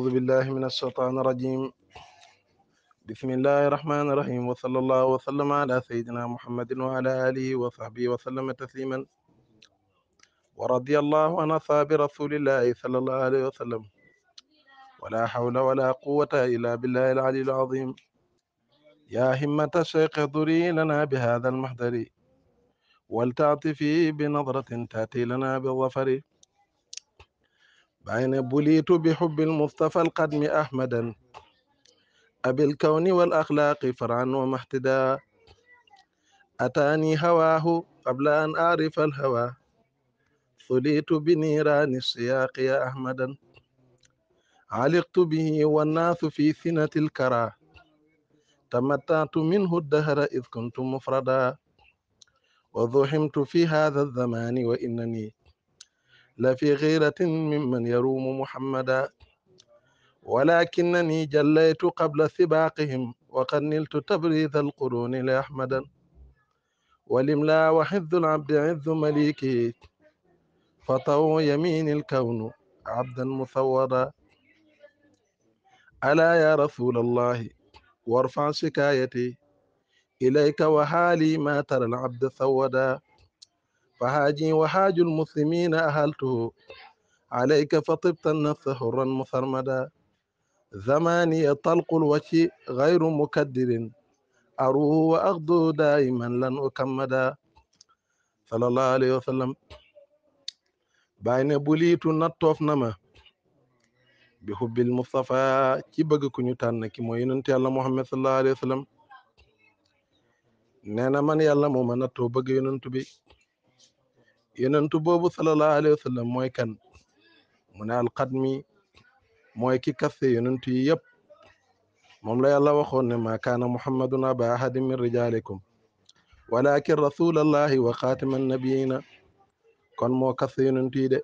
أعوذ بالله من الشيطان الرجيم بسم الله الرحمن الرحيم وصلى الله وسلم على سيدنا محمد وعلى آله وصحبه وسلم تسليما ورضي الله عن أصحاب رسول الله صلى الله عليه وسلم ولا حول ولا قوة إلا بالله العلي العظيم يا همة الشيخ احضري لنا بهذا المحضر ولتعطفي بنظرة تأتي لنا بالظفر بعين بليت بحب المصطفى القدم أحمدا أبي الكون والأخلاق فرعا ومحتدا أتاني هواه قبل أن أعرف الهوى صليت بنيران السياق يا أحمدا علقت به والناس في سنة الكرى تمتعت منه الدهر إذ كنت مفردا وزحمت في هذا الزمان وإنني لفي غيرة ممن يروم محمدا ولكنني جليت قبل سباقهم وقد نلت تبريز القرون لأحمدا ولملا وحذ العبد عذ مليكه فطو يمين الكون عبدا مصورا ألا يا رسول الله وارفع شكايتي إليك وحالي ما ترى العبد سودا فهاجي وهاج المسلمين أهلته عليك فطبت النفس حرا مثرمدا زماني طلق الوجه غير مكدر أروه وأغدو دائما لن أكمدا صلى الله عليه وسلم بين بوليت نطوف نما bi xubbil Moustapha ci bëgg ku ñu tànn ki mooy yonent yàlla Muhammad sallallahu alayhi wa sallam nee na man yàlla moo ma nattoo bëgg yonent bi yonentu bobu sallallahu alayhi wasallam moy kan mu al qadmi moy ki kaste yonentu yi mom la yàlla waxone ma kana kaana muhammadun aba ahadin min rijalikum walakin rasulullahi wa xaatima nabiyina kon mo kaste yonentu de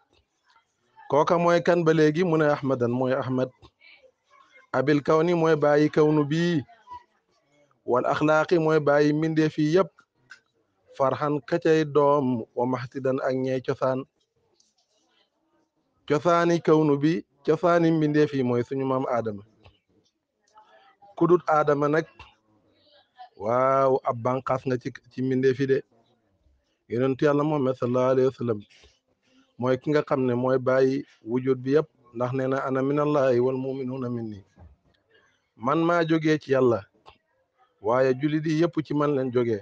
koka moy kan ba legi mu ahmadan moy ahmad abil kawni moy bayi kawnu bi wal akhlaqi moy bayi minde fi yëpp farxan kacay doom wa maxtidan ak ñey cosaan cosaani kawnu bi cosaani mbindeef yi mooy suñu maam aadama kudut aadama nag waaw ab banqaas nga ci ci mbindeef yi de yonentu yàlla Muhammad sallallahu alayhi wa sallam mooy ki nga xam ne mooy bàyyi wujud bi yëpp ndax nee na ana minallahi wal muminuuna min nii man maa jógee ci yàlla waaye jullit yi yëpp ci man leen joge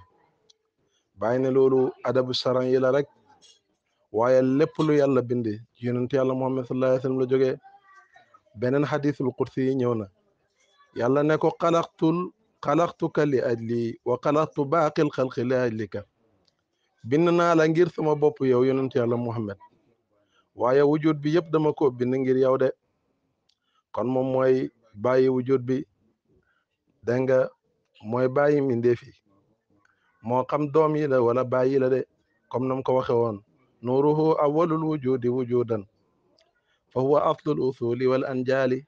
bayina lolu adabu saran yi la rek waye lépp lu yàlla bind yonent yàlla muhammad sallallahu alayhi wasallam la jógee benen hadithul qursi ñewna yàlla ne ko qalaqtul qalaqtuka li ajli wa baqi al khalqi li ajlika bind la ngir sama bop yow yonent yàlla muhammad waye wujud bi yëpp dama ko bind ngir yow de kon mom moy baye wujud bi denga moy baye bàyyi mbindeef mo xam doom yi la wala baay yi la de comme nam ko waxe woon nuruhu awwalul wujudi wujudan fa huwa aslul usuli wal anjaali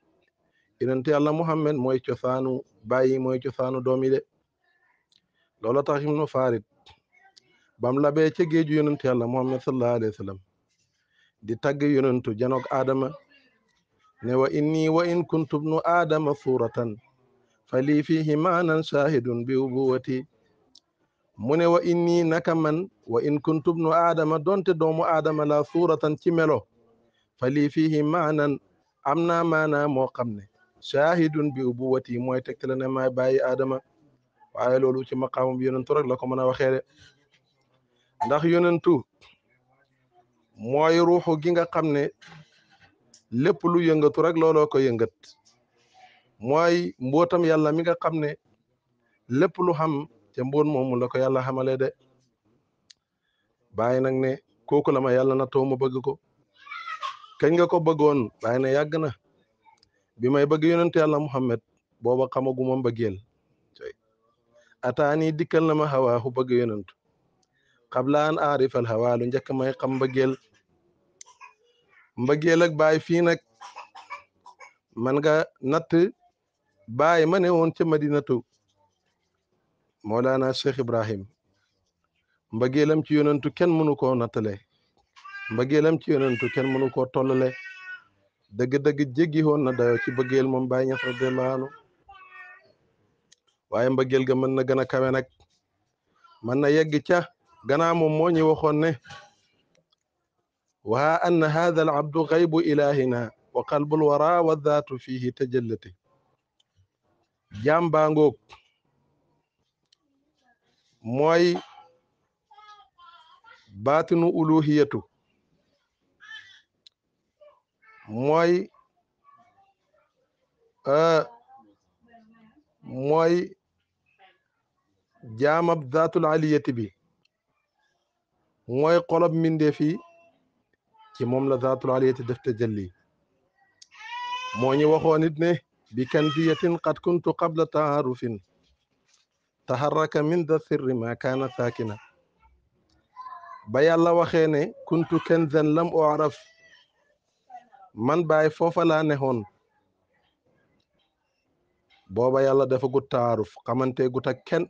yonent yàlla muhammad moy ciosanu baay yi mooy cosaanu doom yi de loola tax ibnu farid bam labe ca géeju yonent yàlla muhammad sallallahu alayhi wasallam di tagg yonantu janok aadama ne wa inni wa in kuntu bnu aadama suratan فلي فيه fiihi شاهد shaahidun mu ne wa inni naka man wa in kuntu ibnu aadama donte doomu aadama la suuratan ci melo fa lii fiihi maanan am naa maanaa moo xam ne shaahidun bi ubuwati mooy tegtale ne maay bàyyi aadama waaye loolu ci maqaamam yonentu rek la ko mën a waxee de ndax yonentu mooy ruuxu gi nga xam ne lépp lu yëngatu rek looloo ko yëngat mooy mbootam yàlla mi nga xam ne lépp lu xam ca mbóon moomu la ko yàlla xamalee de bàyyi nag ne kooku la ma yàlla na too ma bëgg ko kañ nga ko bëggoon bàyyi ne yàgg na bi may bëgg yonent yàlla Muhammad booba xamaguma mbëggeel ataani dikkal na ma xawaaxu bëgg yonent an aarifal xawaalu njëkk may xam mbëggeel mbëggeel ak baay fii nag man nga natt ma ne woon ca madinatu مولانا شيخ ابراهيم مباغي لام تي يوننتو كين مونو كو ناتالي مباغي لام تي يوننتو كين مونو تولالي دغ دغ جيغي هون نا دايو سي بغيل موم باي نياخ رد الله نو واي مباغيل غا من نا غنا كاوي نك من نا ييغ تيا غنا موم مو ني وخون ني وا ان هذا العبد غيب الهنا وقلب الورى والذات فيه تجلته جامبانغوك mooy baatinu uluhiyatu mooy ah, mooy moy zaatul aliyati bi mooy xolob mindeef yi ci moom la zaatul aliyati def te jëlli moo ñu waxoon it ne bi kanziyatin qad kuntu qabla taarufin taharraka min da sirri ma kaana saakina ba yàlla waxee ne kuntu kenzen lam oraf man baay foofa laa nexoon booba yàlla dafa gut taaruf xamante gut ak kenn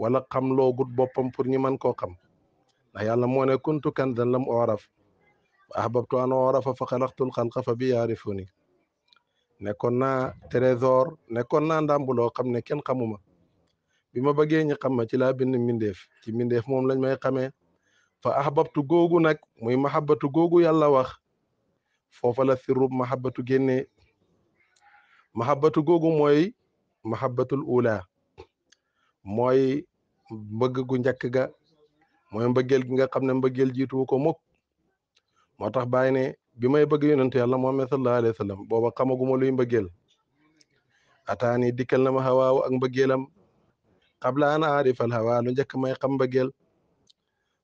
wala xam loo gut boppam pour ñu mën koo xam ndax yàlla moo ne kuntu kenzen lam oraf fa ahbabtu an orafa fa xalaqtul xalqa fa bi yaarifuni nekkoon naa trésor nekkoon naa ndàmbuloo xam ne kenn xamuma bi ma bëggee ñu xam ma ci laa bind mbindeef ci mbindeef moom lañ may xamee fa ahbabtu googu nag muy mahabbatu googu yàlla wax foofa la sirub mahabbatu génnee mahabbatu googu mooy mahabbatul ula mooy mbëgg gu njëkk ga mooy mbëggeel gi nga xam ne mbëggeel jiituwu ko mukk moo tax bàyyi ne bi may bëgg yonent yàlla Muhammad sallallahu xamaguma luy mbëggeel ataani dikkal na ma xawaaw ak قبل أن أعرف الهواء نجك ما يقم بجل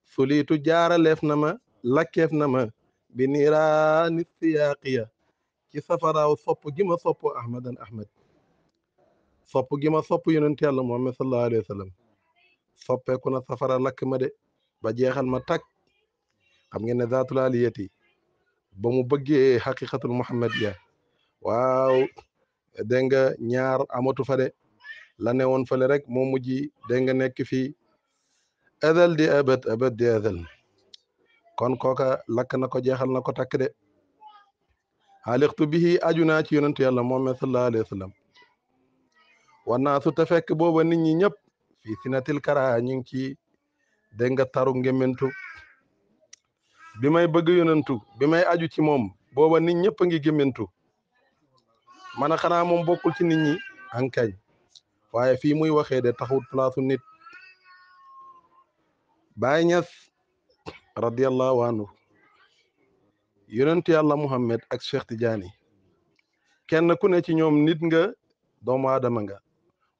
فلي تجار لفنما لك يفنما بنيران الثياقية كي سفر أو صب جيم صب أحمد أحمد صب جيم صب ينتهي الله محمد صلى الله عليه وسلم صب يكون سفر لك مدي بجي خل متك أم ين ذات الآليتي بمو بجي حقيقة المحمدية واو دنجا نيار أموتو فري la ne woon fële rek moo mujj dégg nga nekk fii adal di abad abad di adal kon kooka lakk na ko jeexal na ko takk de xaalixtu bihi aju naa ci yonentu yàlla Muhammad sallallahu alayhi wa sallam war naa su te fekk booba nit ñi ñëpp fii sinatil kara ñu ngi ci dégg nga taru ngementu bi may bëgg yonentu may aju ci moom booba nit ñëpp a ngi gémmentu man a xanaa moom bokkul ci nit ñi ankañ waye fi muy waxe de taxout place nit Baay Ñas radiyallahu anhu yonent yàlla Muhammad ak Cheikh Tidiane kenn ku ne ci ñom nit nga mo aadama nga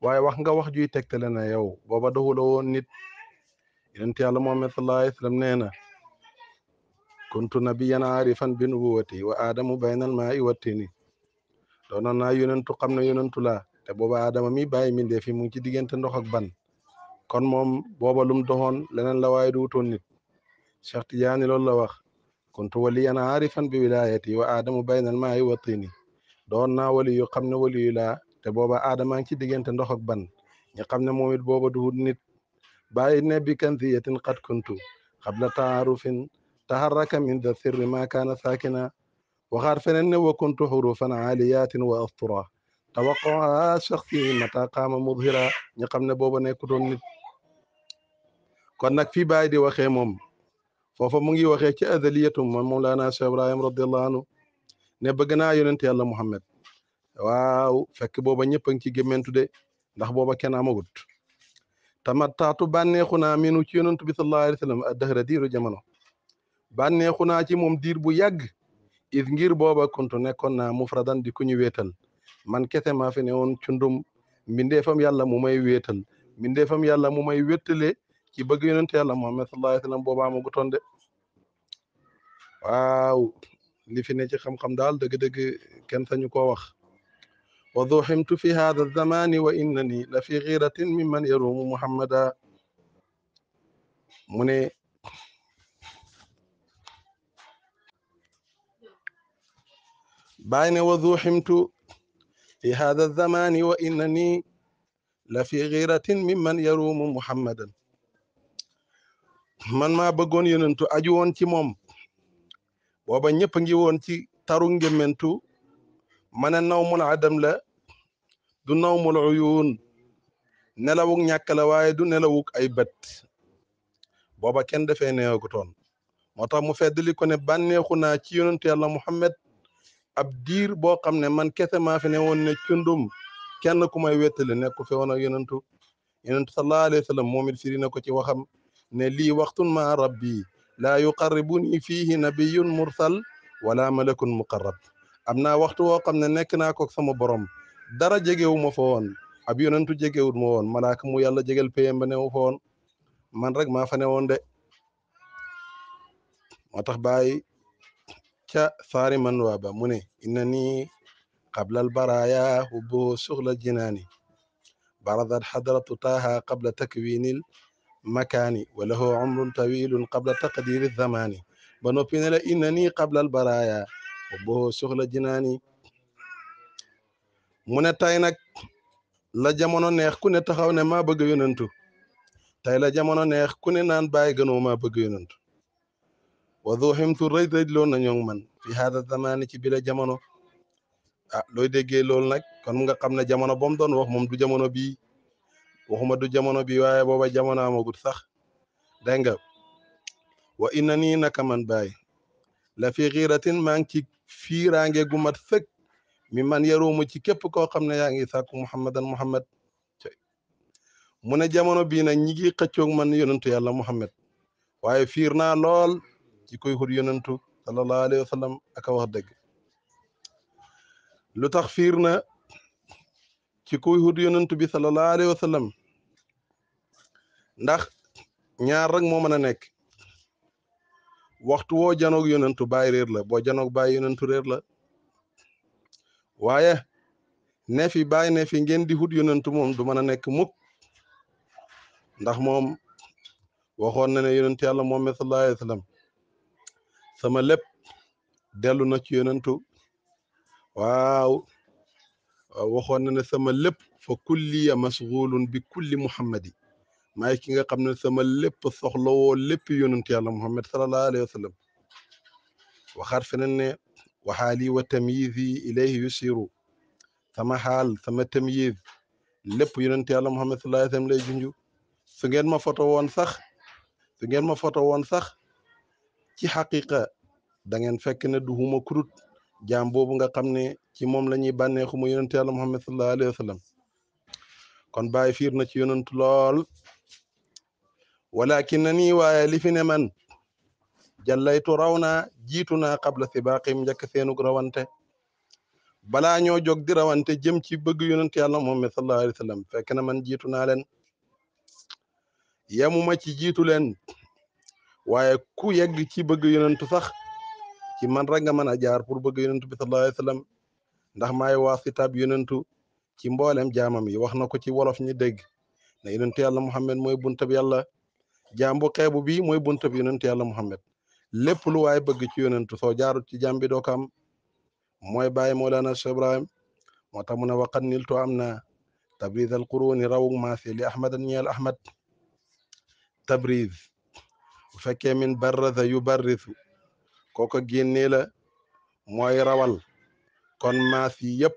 waye wax nga wax juy tegtale na yow do doxula won nit yonent yàlla Muhammad sallallahu alayhi wasallam neena nee na kuntu nabiyan aarifan bi nubuwati wa aadamu bayna al maa'i wa tini doonoon naa yonentu xam ne yonentu laa te booba aadama mi bàyyi mindee fi mu ngi ci diggante ndox ak ban kon moom booba lum doxoon leneen la waaye du wutoon nit Cheikh Tidiane loolu la wax kuntu waliyan aarifan bi wilayati wa aadamu baynal maayi wa tiini doon naa wali yu xam ne wali yu laa te booba aadama ngi ci diggante ndox ak ban ñi xam ne moom it booba du wut nit bàyyi ne bi kanziyatin qad kuntu xabla taarufin taharraka min da sirri ma kaana saakina waxaat feneen ne wa kuntu xurufan wa توقعها shaxsi mata qaama mudhira ñu xam ne booba nekkutoon nit kon nag fi bàyyi di waxee moom foofa mu ngi waxee ci adaliyatu moom Mawlana Cheikh Ibrahim radiallahu anhu ne bëgg naa yonent yàlla Muhammad waaw fekk booba ñëpp a ngi ci gémmentu de ndax booba kenn amagut tamattaatu bànneexu naa minu ci yonent bi sallallahu alayhi sallam addahra diiru jamono bànneexu naa ci moom diir bu yàgg it ngir booba kuntu nekkoon naa mufradan di ku ñu wéetal man kete ma fi ne cundum mbindeefam yàlla mu may wéetal mbindeefam yàlla mu may wetale ci bëgg yonent yàlla Muhammad sallallahu alayhi wasallam boba boobaa guton de waw li fi ne ci xam-xam dal deug deug ken sañu ko wax wa duximtu fi hada zamani wa innani la fi ghiratin mimman yarumu muhammada mune bayne wadhuhimtu في هذا الزمان وإنني لفي غيرة ممن يروم محمدا من ما بغون يننتو أجوان تي موم وبا نيب نجيوان تي تارون جمنتو من النوم العدم لا دو نوم العيون نلاوك نيكلا واي دو نلاوك أي بات بابا كان دفعي مطا مفيد كوني بان نيوكونا تي يننتو يالله محمد ab diir boo xam ne man kese maa fi ne woon ne cundum kenn ku may wettali nekku fe woon ak yonentu yonentu sallallahu alayhi wa sallam moom it firi na ko ci waxam ne lii waxtun ma rabbi laa yuqarribuni fiihi nabiyun mursal wala malakun muqarrab am naa waxtu woo xam ne nekk naa ko sama borom dara jegewu ma fa woon ab yonentu jegewut ma woon malaaka mu yàlla jegal payem ba newu fa woon man rek maa fa ne woon de moo tax bàyyi كا فاري من وابا موني إنني قبل البرايا هبو سغل الجناني برضت حضرة طه قبل تكوين المكان وله عمر طويل قبل تقدير الزمان بنو بينلا إنني قبل البرايا هبو سغل الجناني من تاينك لا جمونو نيخ كوني تخاو ما بغي يوننتو تاي لا جمونو نيخ كوني نان باي ما بغي wadu ximtu rëy rëy loo na ñoŋ man fi haada zamaani ci bile jamono ah looy déggee loolu nag kon nga xam ne jamono ba mu doon wax moom du jamono bii waxuma du jamono bii waaye booba jamono amagut sax dégg nga wa inna nii naka man baay la fi xiiratin maa ngi ci fiiraange gu mat fekk mi man yaroomu ci képp koo xam ne yaa ngi sàkku muhammadan muhammad mu ne jamono bii nag ñi ngi xëccoog man yonentu yàlla muhammad waaye fiir naa lool jikkoy xut yonantu sallallahu alayhi wa sallam aka wax dëgg lu tax fiir na ci kuy xut yonantu bi sallallahu alayhi wa sallam ndax ñaar rek moo mën a nekk waxtu woo janoog yonantu baay réer la boo janoog baay yonantu réer la waaye ne fi baay ne ngeen di xut yonantu moom du mën a nekk mukk ndax moom waxoon na ne yonantu yàlla moom sallallahu alayhi wa sama lépp delu na ci yonentu waaw waxon na ne sama lépp fa kulli masghulun bi kulli muhammadi may ki nga xamne sama lépp wo lépp yonentu yàlla muhammad sallallahu alayhi wa sallam fenen feneen ne waxaali wa tamyizi ilayhi yusiru sama xaal sama tamyiz lépp yonantu yàlla muhammad salallahu alayhi wa lay junju su ngeen ma foto woon sax su ngeen ma foto woon sax ci xaqiqa da ngeen fekk ne du huma kurut jaam boobu nga xam ne ci moom la ñuy bànneexu mu yonent yàlla muhammad sallallahu alayhi wa sallam kon bàyyi fiir na ci yonent lool walakin na nii waaye li fi ne man jallaytu raw naa jiitu naa qabla sibaaqim njëkk seenug rawante balaa ñoo jóg di rawante jëm ci bëgg yonent yàlla muhammad sallallahu alayhi wa sallam fekk man jiitu naa leen yemuma ci jiitu leen waye ku yegg ci bëgg yonentu sax ci man rek nga mëna jaar pour bëgg yonentu bi sallallahu alayhi wasallam ndax may wa waasitaab yonentu ci mboolem jaamam yi waxna ko ci wolof ñi dégg na yonentu yàlla muhammad buntu bi yàlla jaambu xébu bi buntu bi yonentu yàlla muhammad lépp lu way bëgg ci yonentu so jaaru ci jambi do kam moy baye molana cheikh ibrahim moo tax mu ne waqat tabriz al quruni rawug maasi li ahmad ñeel ahmad tabriz فكي من برث يبرث كوكا جينيلا لا موي روال كون ما في يب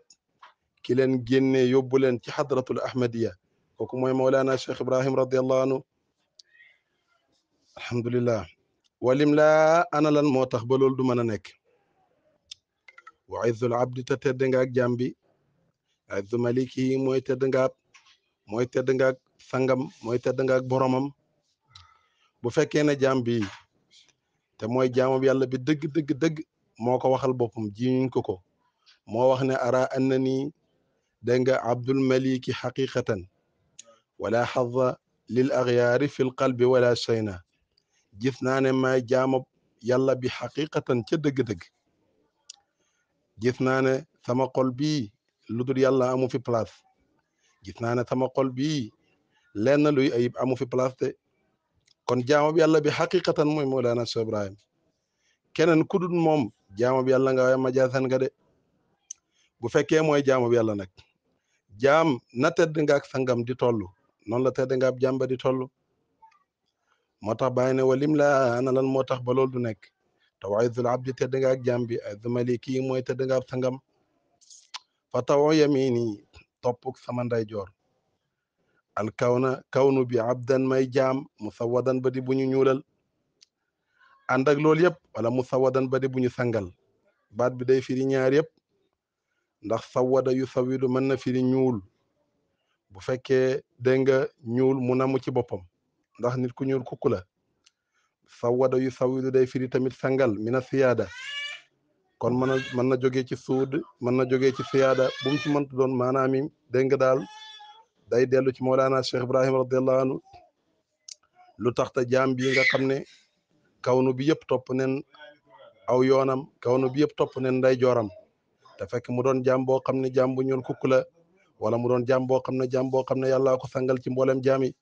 كلن جيني يبولن تي حضرة الأحمدية كوكو موي مولانا الشيخ إبراهيم رضي الله عنه الحمد لله ولم لا أنا لن موتخبلو لدمنا نك وعذ العبد تتدنغاك جنبي عذ مليكي موي تدنغاك موي تدنغاك سنغم موي تدنغاك برمم bu fekke ne jaam bi te mooy jaamam yàlla bi deug deug deug moko waxal bopum jiñu ko ko mo wax ne ara annani de nga abdul malik haqiqatan wala hadha lil aghyar fi al qalbi wala shayna gis ne yàlla bi haqiqatan ci deug deug gis ne sama qalbi ludur yàlla amu fi place gis ne sama qalbi len luy ayib amu fi place te kon jaamu bi yàlla bi xaqiqatan mooy Mawlana Cheikh Ibrahim keneen ku dul moom jaamu bi yàlla nga waaye sen nga de bu fekkee mooy jaamu bi yàlla nag jam na tedd nga sangam di toll noonu la tedd nga ba di toll moo tax bàyyi ne walim la ana lan moo tax ba loolu du nekk te wa izzul abdi tedd nga ak jaam bi izzu maliki mooy tedd nga ab sangam fa taw yamini topp sama ndeyjoor alkawna kawnu bi abdan may jaam musawadan ba di bu ñu ñuulal ànd ak loolu yëpp wala musawadan ba di bu ñu sangal baat bi day firi ñaar yëpp ndax sawada yu sawidu mën na firi ñuul bu fekkee dégg nga ñuul mu namu ci boppam ndax nit ku ñuul kukku la sawada yu sawidu day firi tamit sangal mina siyaada kon mën na mën na jógee ci suud mën na jógee ci siyaada bu mu ci mëntu daal day delu ci Mawlana Cheikh Ibrahim radiyallahu anhu lu tax ta jam bi nga xamne kawnu bi yep top nen aw yonam kawnu bi yep top nen nday joram ta fek mu don jam bo xamne jam bu ñuul kukula wala mu don jam bo xamne jam bo xamne yalla ko sangal ci mbolam jami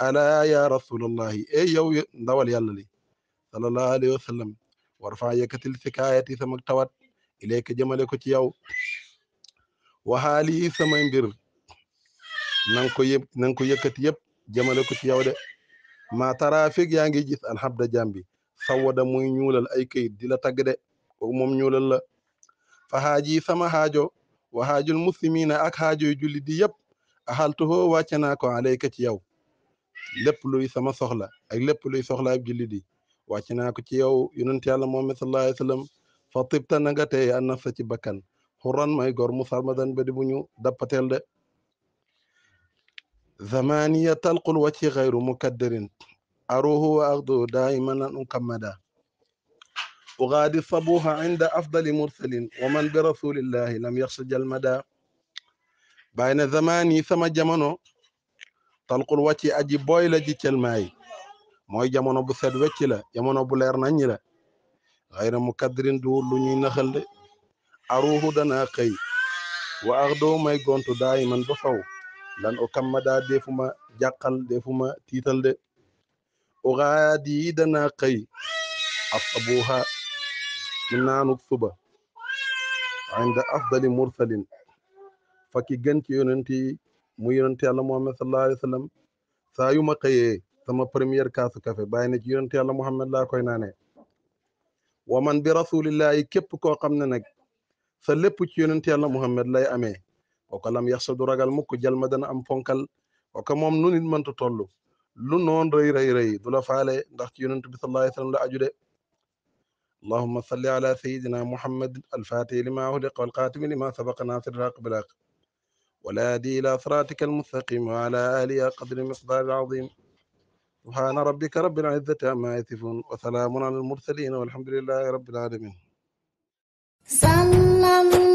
ala ya rasulallahi e yow ndawal yàlla li sallallahu alayhi wasallam warfa yakatil fikayati samak tawat ilayka jëmale ko ci yow hali samay mbir na nga ko yëpp na nga ko yëkkati yëpp jëmale ko ci yow de maa tara feeg yaa ngi gis alxabda jàmbi sawada muy ñuulal ay këyit di la tagg moom ñuulal la fa xaaji sama xaajo wa xaajul muslimina ak xaajoy julli di yëpp axaltuhoo wàcce naa ko alayka ci yow lépp luy sama soxla ak lépp luy soxla ab julli di wàcce naa ko ci yow yonent yàlla mohammed sallallahu alayhi wa fa tibta na nga tey an nafsa ci bakkan xuran may gor mu sarmadan ba di bu ñu dappateel de ثمانية القلوة غير مكدر أروه وأغدو دائما مكمدا أغادي الصبوها عند أفضل مرسل ومن برسول الله لم يخشج المدى بين زماني سما جمانو talqul wàcci aji booy la ji cëlmaay mooy jamono bu set wecc la jamono bu leer nañ la xayra mu kadrin du lu ñuy naxal de aruuxu danaa xëy wa ax doo may gontu daayiman ba faw lan o kammaɗa defuma jakkal defuma tiitalde o gaadidana kayi asabuha mi nanuk suba inda afdali mursalin fakki ganci yonenti mu yonenti allah muhammad sallallahu alaihi wasallam saa yu ma xëyee sama première kaasu café bàyyi na ci yonenti yàlla muhammad laa koy naanee wa man bi rasulillahi képp koo xam ne nag sa lépp ci yonenti yàlla muhammad lay amee وكلام ko lam مك جل مدن أم فنكل وكم o نون من تطلو لنون ري ري ري دولا rëy دخت rëy du الله faale ndax ci اللهم صل على سيدنا محمد الفاتح لما أهلق والقاتم لما سبق ناصر راق بلاق ولا دي إلى صراطك المستقيم وعلى آلي قدر المقدار العظيم سبحان ربك رب العزة عما يصفون وسلام على المرسلين والحمد لله رب العالمين صلى الله